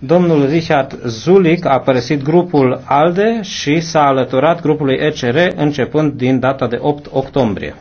Domnul Richard Zulic a părăsit grupul ALDE și s-a alăturat grupului ECR începând din data de 8 octombrie.